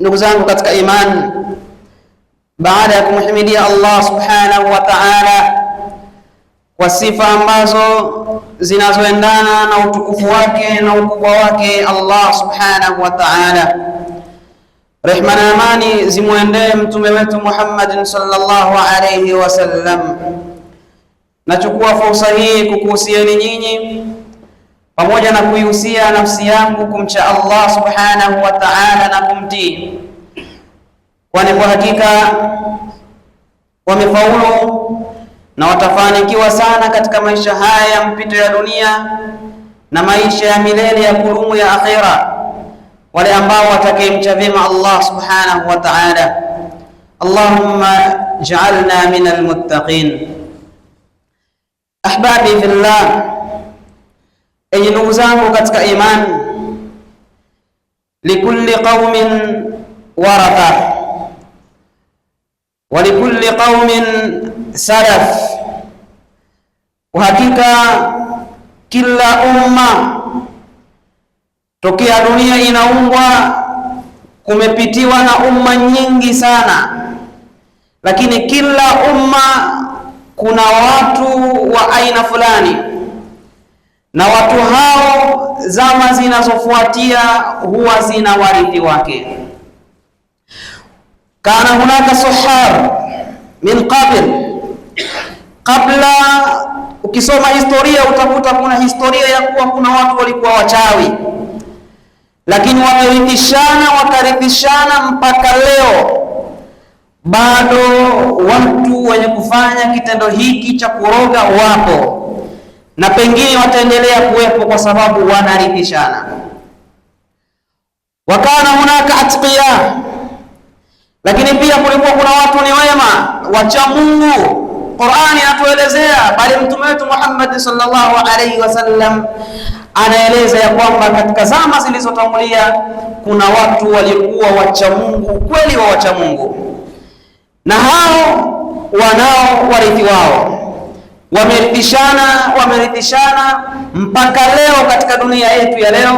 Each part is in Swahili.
Ndugu zangu katika imani, baada ya kumhimidia Allah subhanahu wa ta'ala kwa sifa ambazo zinazoendana na utukufu wake na ukubwa wake Allah subhanahu wa ta'ala, rehma na amani zimwendee mtume wetu Muhammadin sallallahu alayhi wasallam, nachukua fursa hii kukuhusieni nyinyi pamoja na kuihusia nafsi yangu kumcha Allah subhanahu wa ta'ala na kumtii, kwani kwa hakika wamefaulu na watafanikiwa sana katika maisha haya ya mpito ya dunia na maisha ya milele ya kudumu ya akhira, wale ambao watakayemcha vyema Allah subhanahu wa ta'ala. Allahumma ja'alna min muttaqin. Ahbabi fillah Enyi ndugu zangu katika imani, likulli qaumin waratha wa likulli qaumin salaf, hakika kila umma tokea dunia inaungwa kumepitiwa na umma nyingi sana, lakini kila umma kuna watu wa aina fulani na watu hao zama zinazofuatia huwa zina warithi wake. Kana hunaka suhar min qabl qabla. Ukisoma historia utakuta kuna historia ya kuwa kuna watu walikuwa wachawi, lakini wamerithishana wakarithishana mpaka leo bado watu wenye kufanya kitendo hiki cha kuroga wapo na pengine wataendelea kuwepo kwa sababu wanarithishana. Wakana hunaka atqiya, lakini pia kulikuwa kuna watu ni wema wacha Mungu. Qur'ani inatuelezea, bali mtume wetu Muhammad sallallahu alaihi wasallam anaeleza ya kwamba katika zama zilizotangulia kuna watu walikuwa wacha Mungu kweli wa wacha Mungu, na hao wanao warithi wao wameridhishana wameridhishana mpaka leo. Katika dunia yetu ya leo,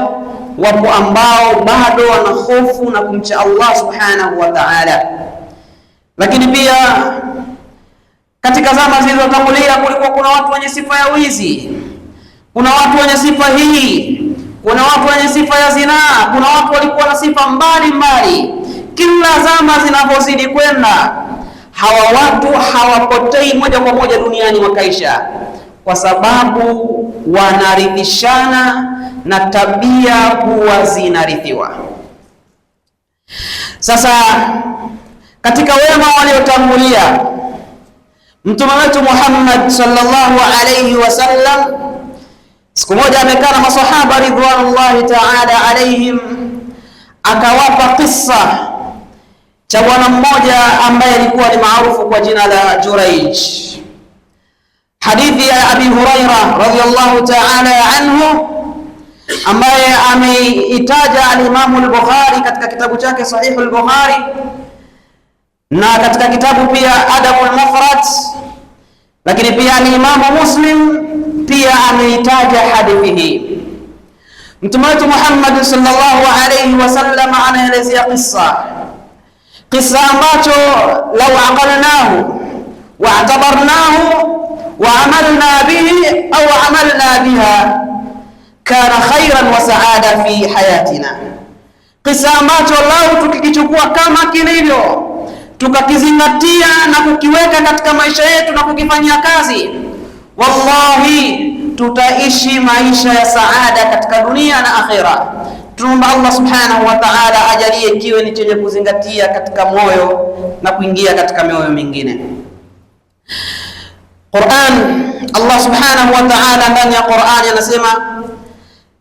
wapo ambao bado wana hofu na kumcha Allah subhanahu wa ta'ala, lakini pia katika zama zilizotangulia kulikuwa kuna watu wenye sifa ya wizi, kuna watu wenye sifa hii, kuna watu wenye sifa ya zinaa, kuna watu walikuwa na sifa mbalimbali. Kila zama zinavyozidi kwenda Hawa watu hawapotei moja kwa moja duniani wakaisha, kwa sababu wanarithishana na tabia huwa zinarithiwa. Sasa katika wema waliotangulia, mtume wetu Muhammad sallallahu alayhi wasallam siku moja amekaa na masahaba ridwanullahi ta'ala alayhim, akawapa kisa cha bwana mmoja ambaye alikuwa ni maarufu kwa jina la Juraij. Hadithi ya Abi Huraira radhiyallahu ta'ala anhu ambaye ameitaja alimamu al-Bukhari katika kitabu chake Sahihu al-Bukhari na katika kitabu pia Adabu al-Mufrad, lakini pia alimamu Muslim pia ameitaja hadithi hii. Mtume wetu Muhammad sallallahu alayhi wasallam anaelezea qissa kisa ambacho lau aqalnahu wa'tabarnahu waamalna bihi au amalna biha kana khairan wa saada fi hayatina, kisa ambacho lau tukikichukua kama kilivyo tukakizingatia na kukiweka katika maisha yetu na kukifanyia kazi, wallahi tutaishi maisha ya saada katika dunia na akhira. Tunaomba Allah subhanahu wa ta'ala ajalie kiwe ni chenye kuzingatia katika moyo na kuingia katika mioyo mingine. Qur'an, Allah subhanahu wa ta'ala ndani ya Qur'an anasema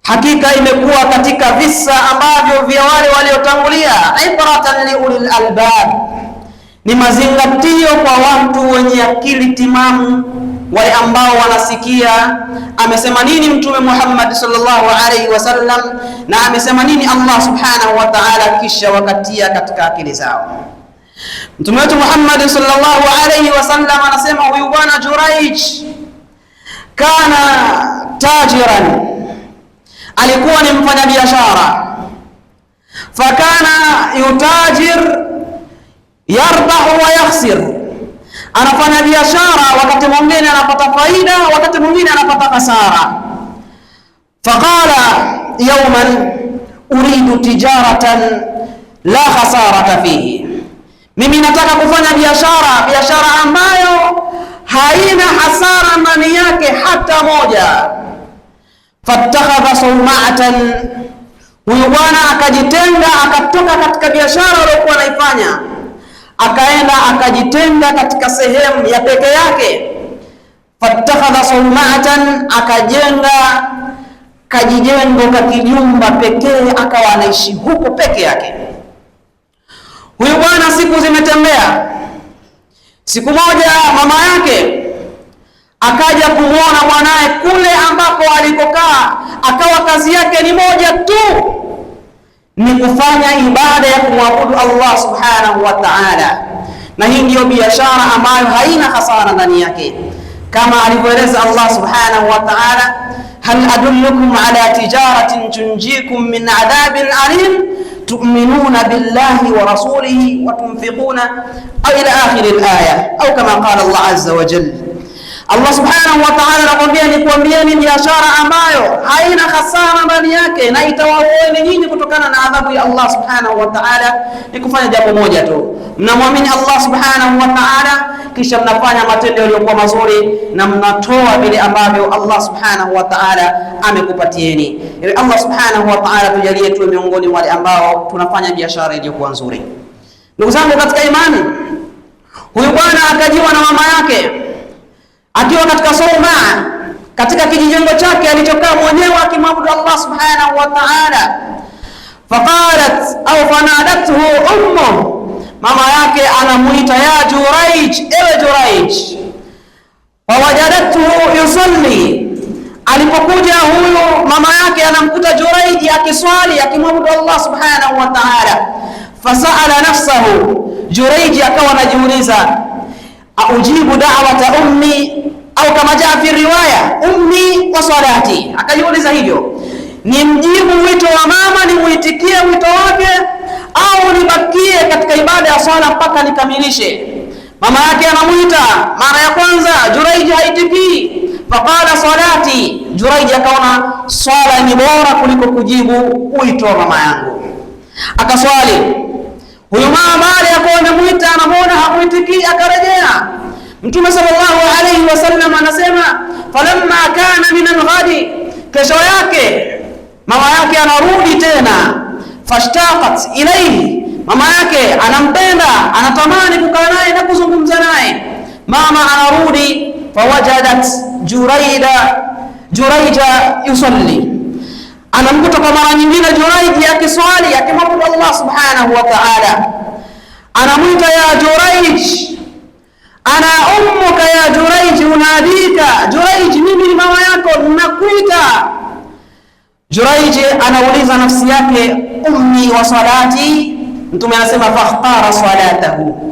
hakika imekuwa katika visa ambavyo vya wale waliotangulia, ibratan liulil albab, ni mazingatio kwa watu wenye akili timamu wale ambao wanasikia amesema nini Mtume Muhammad sallallahu alaihi wasallam na amesema nini Allah subhanahu wa ta'ala, kisha wakatia katika akili zao. Mtume wetu Muhammad sallallahu alaihi wasallam anasema huyu bwana Juraij kana tajiran, alikuwa ni mfanyabiashara. Fakana yutajir yarbahu wa yakhsir anafanya biashara, wakati mwingine anapata faida, wakati mwingine anapata hasara. Faqala yawman uridu tijaratan la khasarata fihi, mimi nataka kufanya biashara, biashara ambayo haina hasara ndani yake hata moja. Fattakhadha sumatan, huyu bwana akajitenga, akatoka katika biashara aliyokuwa anaifanya akaenda akajitenga katika sehemu ya peke yake. Fatakhadha saumatan, akajenga kajijengo kakijumba pekee, akawa anaishi huko peke yake. Huyu bwana siku zimetembea, siku moja mama yake akaja kumwona mwanaye kule ambapo alikokaa, akawa kazi yake ni moja tu ni kufanya ibada ya kumwabudu Allah subhanahu wa ta'ala, na hii ndiyo biashara ambayo haina hasara ndani yake, kama alivyoeleza Allah subhanahu wa ta'ala, hal adullukum ala tijaratin tunjikum min adhabin alim tuminuna billahi wa rasulihi wa tunfiquna, au ila akhiri alaya, au kama qala Allah azza wa jalla Allah subhanahu wa ta'ala ni kuambieni biashara ambayo haina hasara ndani yake na itawaoeni nyinyi kutokana na adhabu ya Allah subhanahu wa ta'ala, ni kufanya jambo moja tu, mnamwamini Allah subhanahu wa ta'ala, kisha mnafanya matendo yaliyokuwa mazuri na mnatoa vile ambavyo Allah subhanahu wa ta'ala amekupatieni. Ewe Allah subhanahu wa ta'ala, tujalie tuwe miongoni wale ambao tunafanya biashara iliyokuwa nzuri. Ndugu zangu katika imani, huyu bwana akajiwa na mama yake akiwa katika soma katika kijijengo chake alichokaa mwenyewe akimwabudu Allah subhanahu wa ta'ala. Faqalat au fanadathu ummu, mama yake anamuita ya Juraij, ewe Juraij. Fawajadathu yusalli, alipokuja huyu mama yake anamkuta Juraij akiswali akimwabudu Allah subhanahu wa ta'ala. Fasala nafsahu, Juraij akawa anajiuliza aujibu da'wata ummi au kama jaa fi riwaya ummi wa salati. Akajiuliza hivyo, ni mjibu wito wa mama, ni muitikie wito wake, au nibakie katika ibada ya swala mpaka nikamilishe? Mama yake anamwita mara ya kwanza, Juraiji haitikii faqala salati. Juraiji akaona swala ni bora kuliko kujibu wito wa mama yangu, akaswali huyo mama baada ya kuwa anamwita anamuona hakuitikii, akarejea. Mtume sallallahu alayhi wasallam anasema falamma kana min alghadi, kesho yake mama yake anarudi tena, fashtaqat ilayhi, mama yake anampenda, anatamani kukaa naye na kuzungumza naye. Mama anarudi fawajadat juraida juraija yusalli anamkuta kwa mara nyingine Juraiji akiswali akimwabudu Allah subhanahu wa ta'ala, anamwita ya Juraij, ana ummuka ya Juraij, unadika Juraij, mimi ni mama yako, nakuita Juraij Anauliza nafsi yake, ummi wa salati, Mtume anasema fakhtara salatahu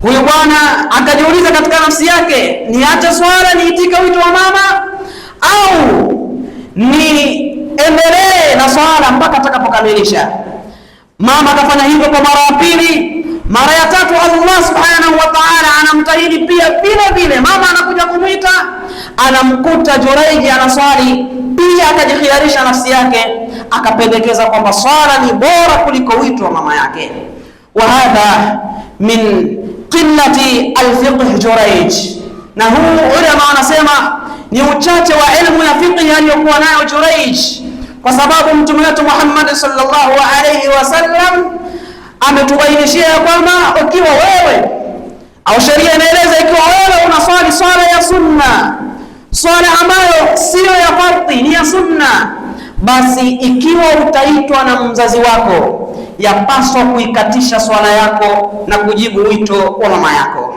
Huyu bwana akajiuliza katika nafsi yake, niache swala niitike wito wa mama au ni endelee na swala mpaka atakapokamilisha. Mama akafanya hivyo kwa mara ya pili, mara ya tatu. Allah subhanahu wa ta'ala anamtahidi pia vile vile. Mama anakuja kumwita, anamkuta Jureiji anaswali pia, akajikhiarisha nafsi yake, akapendekeza kwamba swala ni bora kuliko wito wa mama yake. wa hadha min qillati alfiqh Jureij, na huu ulama anasema ni uchache wa elimu ya fiqh aliyokuwa nayo Jureij kwa sababu mtume wetu Muhammad sallallahu alayhi wasallam ametubainishia ya kwamba ukiwa wewe au sheria inaeleza, ikiwa wewe unaswali swala ya sunna, swala ambayo siyo ya fardhi, ni ya sunna, basi ikiwa utaitwa na mzazi wako, yapaswa kuikatisha swala yako na kujibu wito wa mama yako,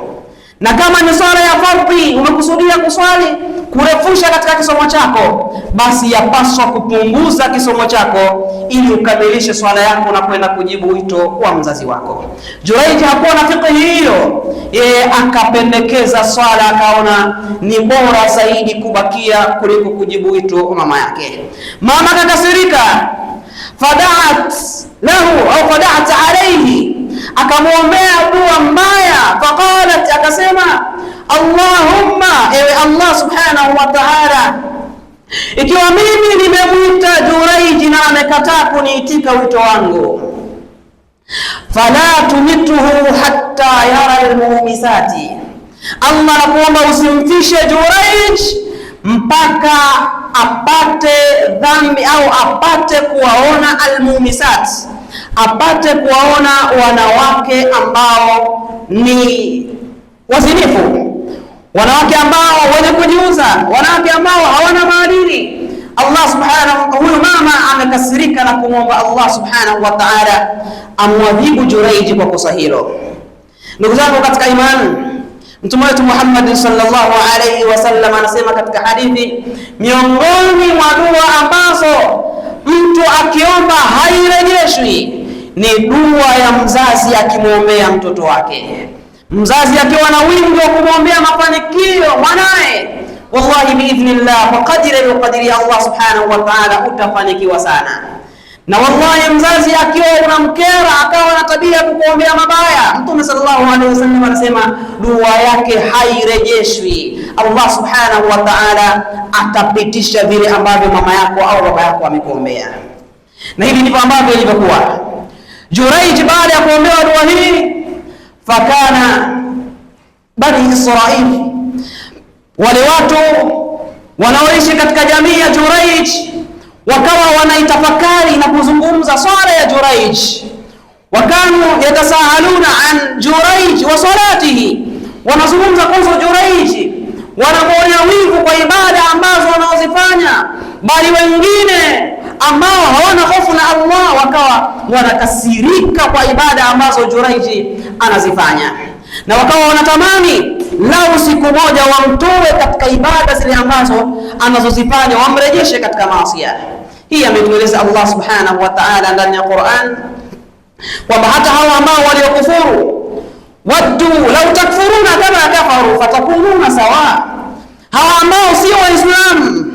na kama ni swala ya fardhi umekusudia kuswali kurefusha katika kisomo chako, basi yapaswa kupunguza kisomo chako ili ukamilishe swala yako na kwenda kujibu wito wa mzazi wako. juraij hakuwa na fikhi hiyo, yeye akapendekeza swala, akaona ni bora zaidi kubakia kuliko kujibu wito wa mama yake. Mama kakasirika, fadaat lahu au fadaat alayhi akamwombea dua mbaya, faqalat, akasema Allahumma, ewe Allah subhanahu wa ta'ala, ikiwa mimi nimemwita Juraiji na amekataa kuniitika wito wangu, fala tumituhu hatta yara almuhmisati, Allah nakuomba usimfishe Juraij mpaka apate dhambi au apate kuwaona almuhmisati apate kuwaona wanawake ambao ni wazinifu, wanawake ambao wenye kujiuza, wanawake ambao hawana maadili. Allah subhanahu, huyu mama amekasirika na kumwomba Allah subhanahu wa ta'ala amwadhibu Juraiji kwa kosa hilo. Ndugu zangu katika imani Mtume wetu Muhammad sallallahu alayhi wasallam anasema katika hadithi, miongoni mwa dua ambazo mtu akiomba hairejeshwi ni dua ya mzazi akimwombea mtoto wake. Mzazi akiwa na wingi wa kumwombea mafanikio mwanaye, wallahi biidhnillah, kwa kadiri aliyokadiria Allah subhanahu wa ta'ala, utafanikiwa sana. Na wallahi mzazi akiwa mkera akawa na tabia ya kukuombea mabaya, Mtume sallallahu alaihi wasallam anasema dua yake hairejeshwi. Allah subhanahu wa ta'ala atapitisha vile ambavyo mama yako au baba yako amekuombea, na hivi ndivyo ambavyo ilivyokuwa. Juraij baada ya kuombewa dua hii, fakana Bani Israil, wale watu wanaoishi katika jamii ya Juraij wakawa wanaitafakari na kuzungumza swala ya Juraij, wakanu yatasahaluna an Juraij wa salatihi, wanazungumza kuhusu Juraij, wanamuonea wivu kwa ibada ambazo wanaozifanya, bali wengine ambao hawana hofu na Allah wakawa wanakasirika kwa ibada ambazo Juraij anazifanya na wakawa wanatamani lau siku moja wamtoe katika ibada zile ambazo anazozifanya, wamrejeshe katika maasi. Hii ametueleza Allah subhanahu wa ta'ala ndani ya Qur'an kwamba hata hawa ambao waliokufuru, watu lau takfuruna kama kafaru fatakununa sawa, hawa ambao sio Waislamu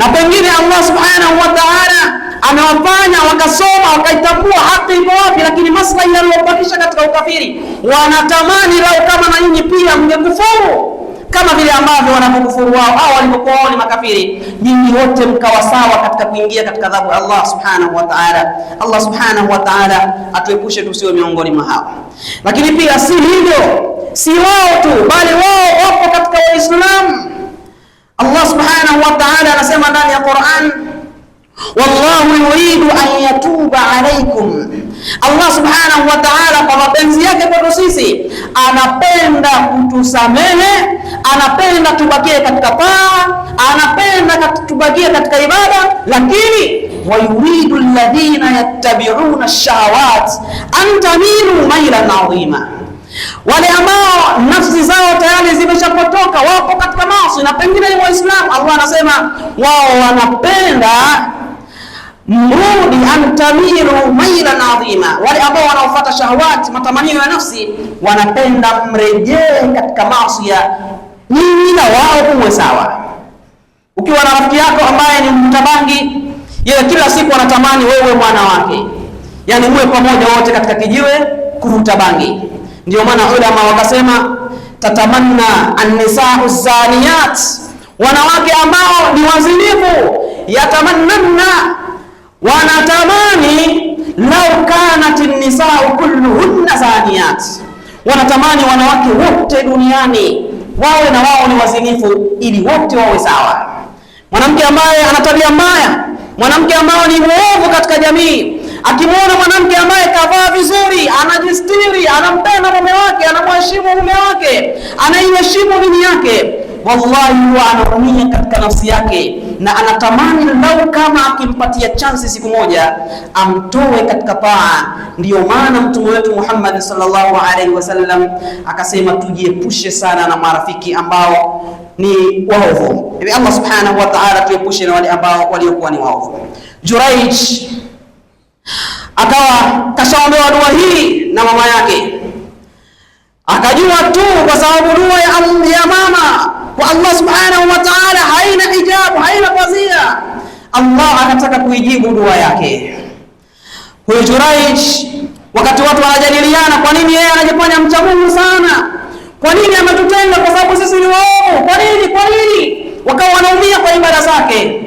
na pengine Allah subhanahu wa ta'ala amewafanya wakasoma wakaitambua haki iko wapi, lakini maslahi yaliyobakisha katika ukafiri, wanatamani lao kama na nyinyi pia mngekufuru kama vile ambavyo wanapokufuru wao au walipokuwa wao ni makafiri, nyinyi wote mkawa sawa katika kuingia katika adhabu Allah subhanahu wa ta'ala. Allah subhanahu wa ta'ala atuepushe tusiwe miongoni mwa hao. Lakini pia si hivyo, si wao tu, bali wao wapo katika Waislamu Allah subhanahu wa ta'ala anasema ndani ya Qur'an, wallahu yuridu an yatuba alaykum. Allah subhanahu wa ta'ala kwa mapenzi yake kwetu sisi anapenda kutusamehe, anapenda tubakie katika taa, anapenda tubakie katika ibada, lakini yuridu alladhina yattabi'una ash-shahawat an tamilu mailan 'azima wale ambao nafsi zao tayari zimeshapotoka, wapo katika maasi na pengine ni Waislamu. Allah anasema wao wanapenda mrudi antamiru maila adhima, wale ambao wanaofuata shahawati, matamanio ya nafsi, wanapenda mrejee katika maasi ya nyinyi na wao kuwe sawa. Ukiwa na rafiki yako ambaye ni mtabangi, yeye kila siku anatamani wewe mwana wake, yani uwe pamoja wote katika kijiwe kuvuta bangi ndio maana ulama wakasema tatamanna annisau zaniyat, wanawake ambao ni wazinifu. Yatamannana, wanatamani lau kanat nisau kulluhunna zaniyat, wanatamani wanawake wote duniani wawe na wao ni wazinifu, ili wote wawe sawa. Mwanamke ambaye anatabia mbaya, mwanamke ambaye ni mwovu katika jamii Akimwona mwanamke ambaye kavaa vizuri, anajistiri, anampenda mume wake, anamheshimu mume wake, anaiheshimu dini yake, wallahi huwa anaumia katika nafsi yake na anatamani lau kama akimpatia chansi siku moja amtoe katika paa. Ndiyo maana mtume wetu Muhammad sallallahu alaihi wasallam akasema tujiepushe sana na marafiki ambao ni waovu. Ewe Allah subhanahu wa ta'ala, tuepushe na wale ambao waliokuwa ni waovu. Juraij akawa kashaombewa dua hii na mama yake, akajua tu, kwa sababu dua ya mama kwa Allah subhanahu wa ta'ala haina ijabu, haina fadhila. Allah anataka kuijibu dua yake. Huyu Juraish, wakati watu wanajadiliana, kwa nini yeye anajifanya mcha Mungu sana, kwa nini ametutenga, kwa sababu sisi ni waovu, kwa nini, kwa nini? Wakawa wanaumia kwa ibada zake.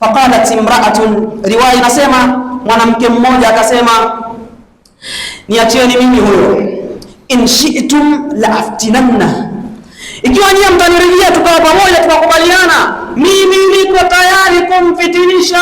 Faqalat imra'atun, riwaya inasema mwanamke mmoja akasema, niachieni mimi huyo, in shi'tum la aftinanna, ikiwa nyie mtanirejea tukawa pamoja tukakubaliana, mimi niko tayari kumfitinisha,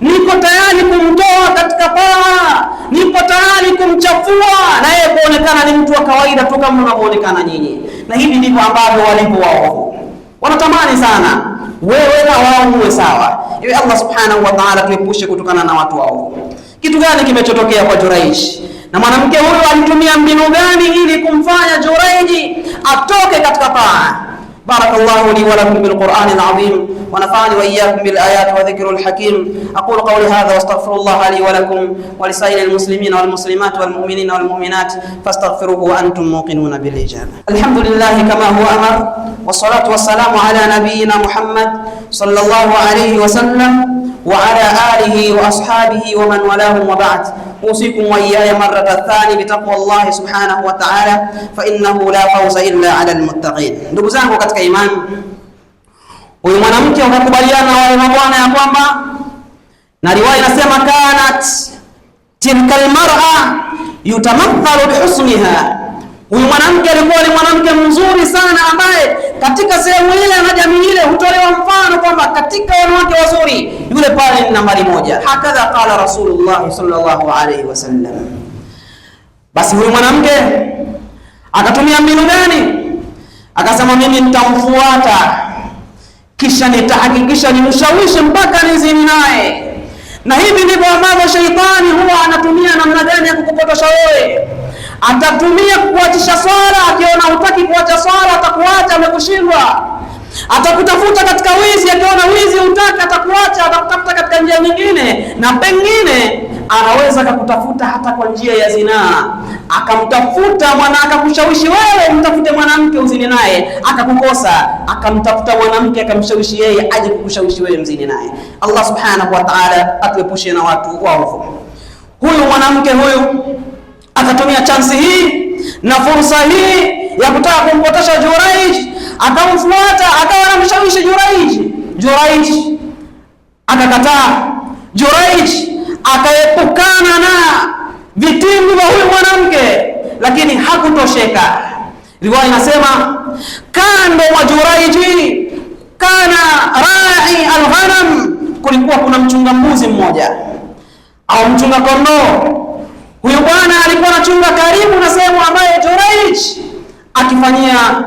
niko tayari kumtoa katika paha, niko tayari kumchafua na yeye kuonekana ni mtu wa kawaida tu kama unavyoonekana nyinyi. Na hivi ndivyo ambavyo walipo wao wanatamani sana wewe na wao muwe sawa. iwe Allah subhanahu wa ta'ala, tuepushe kutokana na watu waovu. Kitu gani kimechotokea kwa Juraish na mwanamke huyo alitumia mbinu gani ili kumfanya Juraish atoke katika paa بارك الله لي ولكم بالقرآن العظيم ونفعني وإياكم بالآيات وذكر الحكيم أقول قولي هذا واستغفر الله لي ولكم ولسائر المسلمين والمسلمات والمؤمنين والمؤمنات فاستغفروه وأنتم موقنون بالإجابة الحمد لله كما هو أمر والصلاة والسلام على نبينا محمد صلى الله عليه وسلم wa ala alihi wa ashabihi wa man walahum wa ba'd. Usikum wa iyaya marrata thani bi taqwallahi subhanahu wa ta'ala fa innahu la fawza illa ala almuttaqin. Ndugu zangu katika imani, huyu mwanamke wakakubaliana wale mabwana ya kwamba, na riwaya inasema kanat tilka almar'a yutamathalu bihusniha Huyu mwanamke alikuwa ni mwanamke mzuri sana, ambaye katika sehemu ile na jamii ile hutolewa mfano kwamba katika wanawake wazuri yule pale ni nambari moja. Hakadha qala Rasulullah sallallahu alayhi wasallam. Basi huyu mwanamke akatumia mbinu gani? Akasema, mimi nitamfuata kisha nitahakikisha nimshawishi mpaka nizini naye. Na hivi ndivyo ambavyo sheitani huwa anatumia namna gani ya kukupotosha wewe Atatumia kukuachisha swala, akiona hutaki kuacha swala atakuacha, amekushindwa. Atakutafuta katika wizi, akiona wizi hutaki atakuacha, atakutafuta katika njia nyingine, na pengine anaweza akakutafuta hata kwa njia ya zinaa, akamtafuta mwana, akakushawishi wewe mtafute mwanamke uzini naye, akakukosa, akamtafuta mwanamke akamshawishi yeye aje kukushawishi wewe mzini naye. Allah subhanahu wa ta'ala atuepushe na watu waovu. Huyu mwanamke huyu akatumia chansi hii na fursa hii ya kutaka kumpotosha Juraij, akamfuata akawa anamshawishi Juraij. Juraij akakataa, Juraij akaepukana na vitimbi vya huyu mwanamke, lakini hakutosheka. Riwaya inasema kando wa Juraiji kana rai alghanam, kulikuwa kuna mchunga mbuzi mmoja au mchunga kondoo Huyu bwana alikuwa anachunga karibu na sehemu ambayo Juraij akifanyia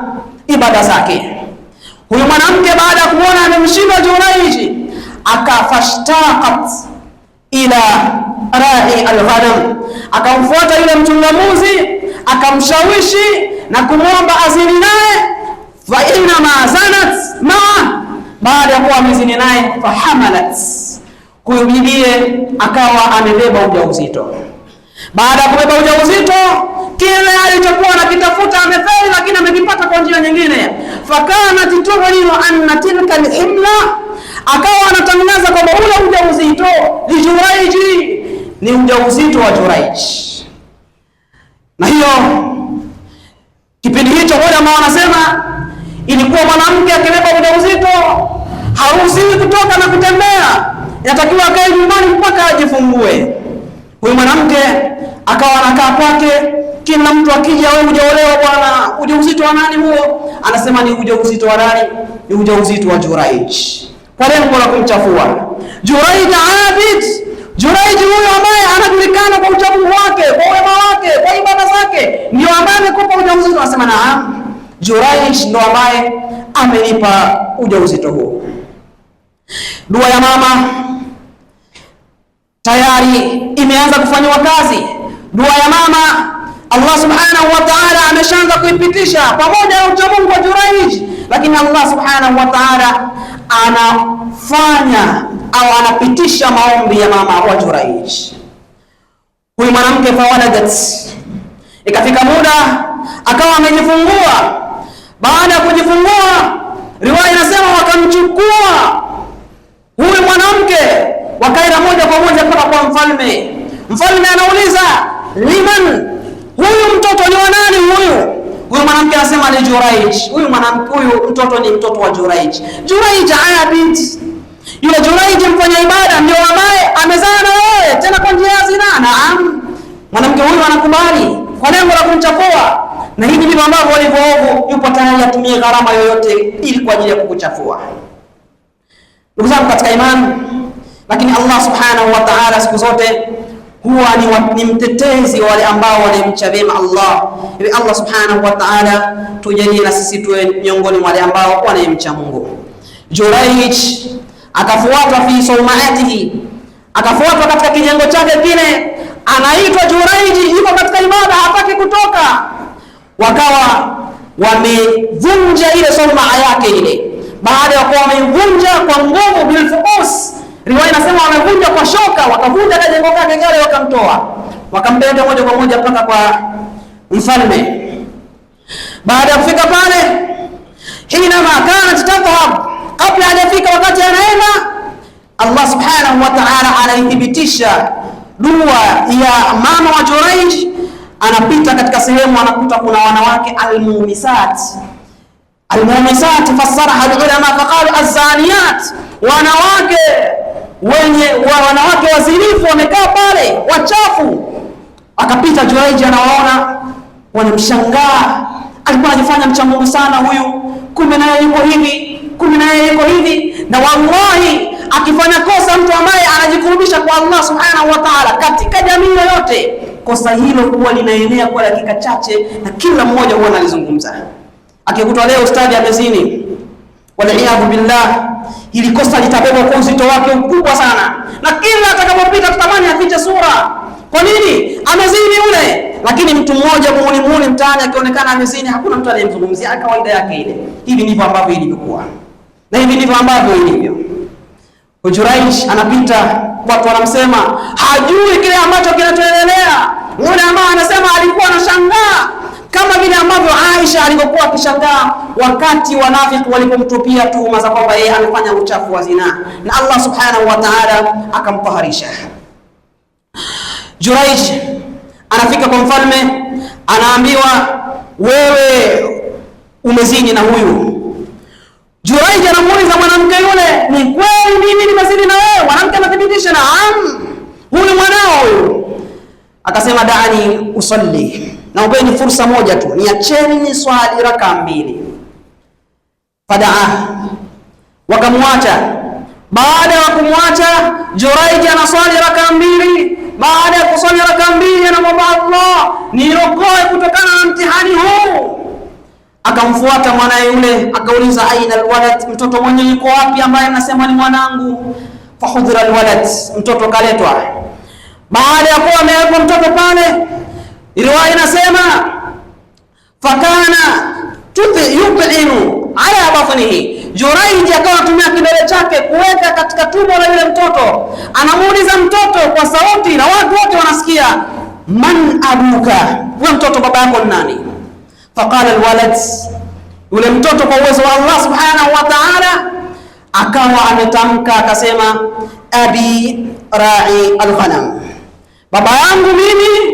ibada zake. Huyu mwanamke baada ya kuona amemshinda Juraij, akafashtaqat ila rai alghanam, akamfuata yule mchungamuzi akamshawishi na kumwomba azini naye. Fa inna ma zanat ma, baada ya kuwa amezini naye, fahamalat, huyu bibie akawa amebeba ujauzito baada ya kubeba ujauzito, kile alichokuwa anakitafuta amefeli, lakini amekipata kwa njia nyingine. Fakana tituhlilu anna tilka alhimla, akawa anatangaza kwamba ule ujauzito lijuraiji ni ujauzito wa Juraiji. Na hiyo kipindi hicho ambao wanasema ilikuwa mwanamke akibeba ujauzito haruhusiwi kutoka na kutembea, inatakiwa akae nyumbani mpaka ajifungue. Huyu mwanamke akawa anakaa kwake, kila mtu akija, wewe hujaolewa bwana, ujauzito wa nani huo? Anasema ni ujauzito wa nani? Ni ujauzito wa Juraij, kwa lengo la kumchafua Juraij abid. Juraij huyo ambaye anajulikana kwa uchafu wake, kwa wema wake, kwa ibada zake, ndio ambaye amekupa ujauzito. Anasema na Juraij ndo ambaye amenipa ujauzito huo. Dua ya mama tayari imeanza kufanyiwa kazi. Dua ya mama Allah subhanahu wa ta'ala ameshaanza kuipitisha pamoja na uchamungu wa juraij lakini Allah subhanahu wa ta'ala anafanya au anapitisha maombi ya mama wa juraij Huyu mwanamke fawaladat, ikafika muda akawa amejifungua. Baada ya kujifungua, riwaya inasema wakamchukua kutoka kwa mfalme. Mfalme anauliza liman, huyu mtoto ni wa nani huyu? Huyu mwanamke anasema ni Juraij. Huyu mwanamke huyu mtoto ni mtoto wa Juraij. Juraij haya yule Juraij mfanya ibada ndio ambaye amezaa na wewe tena kwa njia ya zina. Naam, mwanamke huyu anakubali kwa lengo la kumchafua, na hivi ndivyo ambavyo walivyoovu, yupo tayari atumie gharama yoyote ili kwa ajili ya kukuchafua. Ndugu zangu katika imani lakini Allah subhanahu wa ta'ala siku zote huwa ni, ni mtetezi wa wale ambao wanamcha vyema Allah. Hivi Allah subhanahu wa ta'ala tujalie na sisi tuwe miongoni mwa wale ambao wanamcha Mungu. Juraij akafuatwa fi saumaatihi, akafuatwa katika kijengo chake kile, anaitwa Juraiji, yuko katika ibada, hataki kutoka. Wakawa wamevunja ile saumaa yake ile, baada ya kuwa wamevunja kwa nguvu bilfuqus Riwaya inasema wamevunja kwa shoka, wakavunja na jengo lake gari, wakamtoa, wakampeleka moja kwa moja mpaka kwa mfalme. Baada ya kufika pale, hinama kanat tadhhab, kabla hajafika wakati anaenda, Allah subhanahu wa ta'ala anaithibitisha dua ya mama wa Jurayj. Anapita katika sehemu, anakuta kuna wanawake almumisat almumisat, fasaraha alulama faqalu azaniyat, wanawake wenye wa wanawake wazinifu wamekaa pale wachafu. Akapita juraiji anawaona, wanamshangaa, alikuwa anajifanya mcha sana huyu, kumbe naye yuko hivi, kumbe naye yuko hivi. Na wallahi akifanya kosa mtu ambaye anajikurubisha kwa Allah subhanahu wa ta'ala katika jamii yoyote, kosa hilo huwa linaenea kwa dakika chache, na kila mmoja huwa analizungumza. Akikutwa leo ustadi amezini Waliyadhu billah, hili kosa litabebwa kwa uzito wake mkubwa sana, na kila atakapopita tutamani afiche sura. Kwa nini? Amezini ule. Lakini mtu mmoja muhuni mtaani akionekana amezini, hakuna mtu anayemzungumzia, kawaida yake ile. Hivi ndivyo ambavyo ilivyokuwa na hivi ndivyo ambavyo ilivyo. Hujuraish anapita, watu wanamsema, hajui kile ambacho kinachoendelea. ule ambaye anasema alikuwa anashangaa kama vile ambavyo Aisha alivyokuwa akishangaa wakati wanafiki walipomtupia tuhuma za kwamba yeye amefanya uchafu wa zinaa, na Allah subhanahu wa ta'ala akamtaharisha. Juraij anafika kwa mfalme, anaambiwa wewe umezini na huyu. Juraij anamuuliza mwanamke yule, ni kweli mimi nimezini na wewe? Mwanamke anathibitisha, na huyu mwanao huyu. Akasema daani usalli naombeni fursa moja tu, niacheni ni swali raka mbili. Fadaa, wakamwacha. Baada ya kumwacha Juraiji anaswali raka mbili. Baada ya kuswali raka mbili, anamwomba Allah, niokoe kutokana na mtihani huu. Akamfuata mwanaye yule, akauliza aina alwalad, mtoto mwenye yuko wapi ambaye anasema ni mwanangu? Fahudhira alwalad, mtoto kaletwa. Baada ya kuwa amewekwa mtoto pale Riwaya inasema fakana yutimu ala batnihi, Juraiji akawa anatumia kidole chake kuweka katika tumbo la yule mtoto. Anamuuliza mtoto kwa sauti na watu wote wanasikia, man abuka, wewe mtoto baba yako ni nani? Faqala alwalad, yule mtoto kwa uwezo wa Allah subhanahu wa ta'ala akawa ametamka akasema, abi rai alghanam, baba yangu mimi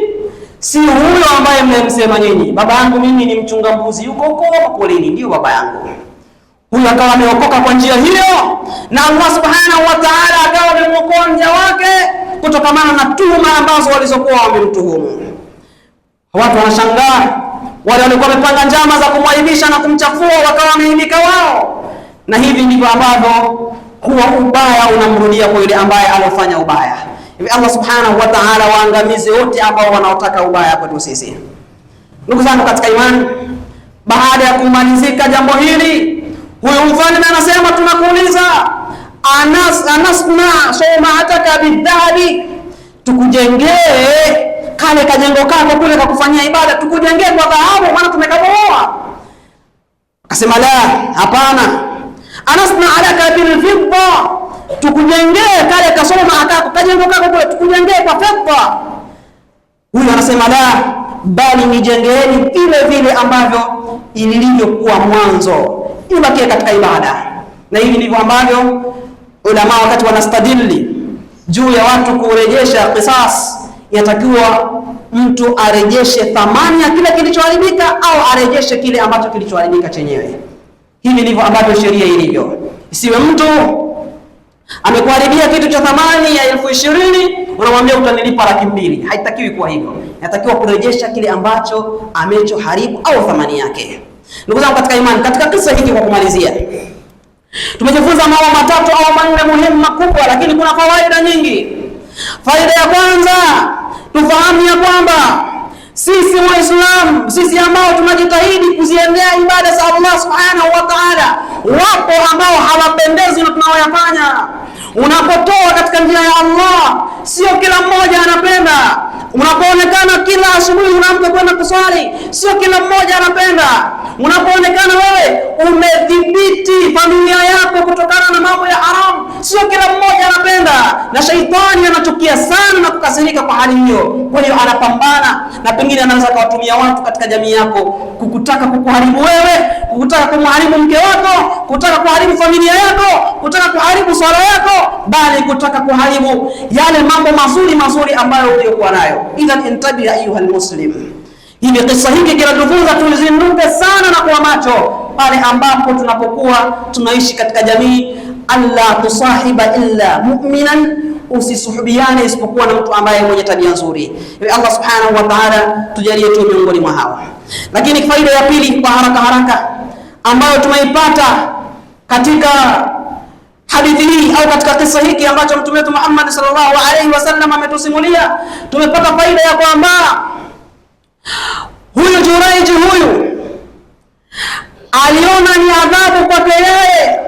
si huyo ambaye mnayemsema nyinyi, baba yangu mimi ni mchunga mbuzi, yuko huko polini, ndio baba yangu huyo. Akawa ameokoka kwa njia hiyo, na Allah subhanahu wa ta'ala akawa amemwokoa mja wake kutokamana na tuhuma ambazo walizokuwa wamemtuhumu. Watu wanashangaa, wale walikuwa wamepanga njama za kumwaibisha na kumchafua, wakawa wameimika wao, na hivi ndivyo ambavyo huwa ubaya unamrudia kwa yule ambaye alofanya ubaya. Hivi Allah subhanahu wa ta'ala waangamize wote ambao wanaotaka ubaya kwetu sisi. Ndugu zangu katika imani, baada ya kumalizika jambo hili, huyu mfalme anasema tunakuuliza, anas anasna somaataka bidhahabi, tukujengee kale kajengo kako kule kakufanyia ibada, tukujengee kwa dhahabu, maana tumekaboa. Akasema la, hapana, anasna alaka bilfidda tukujengee kale kasoma maakako kajengo kako kule, tukujengee kwa fedha. Huyu anasema la, bali nijengeeni vile vile ambavyo ilivyokuwa mwanzo, ibakie katika ibada. Na hivi ndivyo ambavyo ulama wakati wanastadili juu ya watu kurejesha kisas, yatakiwa mtu arejeshe thamani ya kile kilichoharibika au arejeshe kile ambacho kilichoharibika chenyewe. Hivi ndivyo ambavyo sheria ilivyo, isiwe mtu amekuharibia kitu cha thamani ya elfu ishirini unamwambia utanilipa laki mbili. Haitakiwi kuwa hivyo, inatakiwa kurejesha kile ambacho amechoharibu au thamani yake. Ndugu zangu katika imani, katika kisa hiki kwa kumalizia, tumejifunza mambo matatu au manne muhimu makubwa, lakini kuna fawaida nyingi. Faida ya kwanza tufahamu ya kwamba sisi Waislamu, sisi ambao tunajitahidi kuziendea ibada za Allah subhanahu wa taala, wapo ambao hawapendezi na tunaoyafanya unapotoa katika njia ya Allah. Sio kila mmoja anapenda unapoonekana kila asubuhi unaamka kwenda kuswali, sio kila mmoja anapenda. Unapoonekana wewe umedhibiti familia yako kutokana na mambo ya haramu, sio kila mmoja anapenda, na shaitani anachukia sana na kukasirika kwa hali hiyo. Kwa hiyo anapambana na pengine anaweza akawatumia watu katika jamii yako kukutaka kukuharibu wewe, kukutaka kumharibu mke wako, kutaka kuharibu familia yako, kutaka kuharibu swala yako bali kutaka kuharibu yale mambo mazuri mazuri ambayo uliyokuwa nayo. Idhan intabi ya ayuha almuslim, hivi kisa hiki kinatufunza tuzinduke sana na kuwa macho pale ambapo tunapokuwa tunaishi katika jamii. Alla tusahiba illa mu'minan Usisuhubiane isipokuwa na mtu ambaye mwenye tabia nzuri. Allah subhanahu wa ta'ala tujalie tu miongoni mwa hawa. Lakini faida ya pili kwa haraka haraka ambayo tumeipata katika hadithi hii au katika kisa hiki ambacho mtume wetu Muhammad sallallahu alaihi wasallam ametusimulia, tumepata faida ya kwamba huyu Juraiji huyu aliona ni adhabu kwake yeye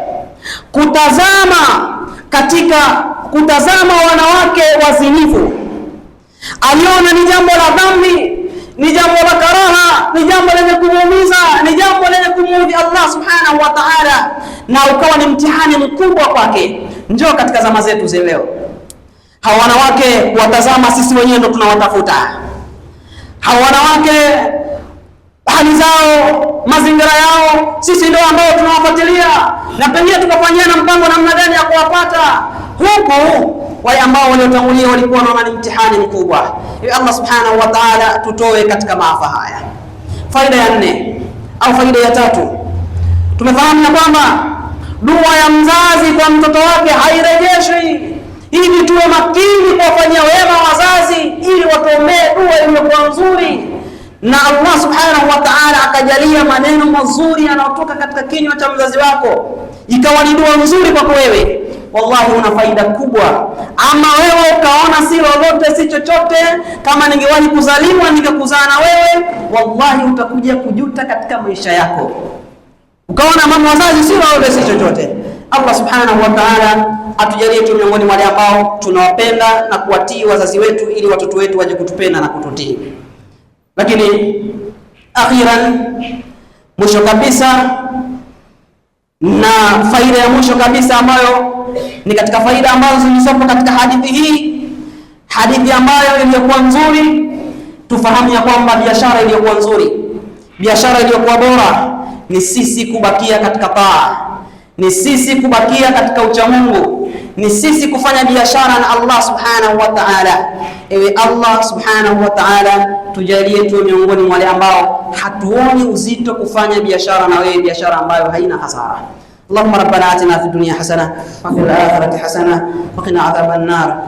kutazama katika kutazama wanawake wazinifu, aliona ni jambo la dhambi ni jambo la karaha, ni jambo lenye kumuumiza, ni jambo lenye kumuudhi Allah subhanahu wa ta'ala, na ukawa ni mtihani mkubwa kwake. Njoo katika zama zetu za leo, hawa wanawake watazama, sisi wenyewe ndo tunawatafuta hawa wanawake hali zao, mazingira yao, sisi ndio ambao tunawafuatilia na pengine tukafanyia na mpango namna gani ya kuwapata huku wale ambao waliotangulia walikuwa naona ni mtihani mkubwa. Hivyo Allah subhanahu wa ta'ala tutoe katika maafa haya. Faida ya nne au faida ya tatu, tumefahamu ya kwamba dua ya mzazi kwa mtoto wake hairejeshwi. Hivi tuwe makini kuwafanyia wema wazazi, ili watuombee dua iliyokuwa nzuri na Allah subhanahu wa ta'ala akajalia maneno mazuri yanayotoka katika kinywa cha mzazi wako ikawa ni dua nzuri kwako wewe, wallahi una faida kubwa. Ama wewe ukaona si lolote si chochote, kama ningewahi kuzaliwa ningekuzaa na wewe, wallahi utakuja kujuta katika maisha yako, ukaona mama wazazi si lolote si chochote. Allah subhanahu wa ta'ala atujalie tu miongoni mwa wale ambao tunawapenda na kuwatii wazazi wetu, ili watoto wetu waje kutupenda na kututii. Lakini akhiran, mwisho kabisa na faida ya mwisho kabisa ambayo ni katika faida ambazo zilizopo katika hadithi hii, hadithi ambayo iliyokuwa nzuri, tufahamu ya kwamba biashara iliyokuwa nzuri, biashara iliyokuwa bora ni sisi kubakia katika taa, ni sisi kubakia katika uchamungu ni sisi kufanya biashara na Allah subhanahu wa ta'ala. Ewe Allah subhanahu wa ta'ala, tujalie tuwe miongoni mwa wale ambao hatuoni uzito kufanya biashara na wewe, biashara ambayo haina hasara. Allahumma rabbana atina fid dunya hasana wa fil akhirati hasana wa qina adhaban nar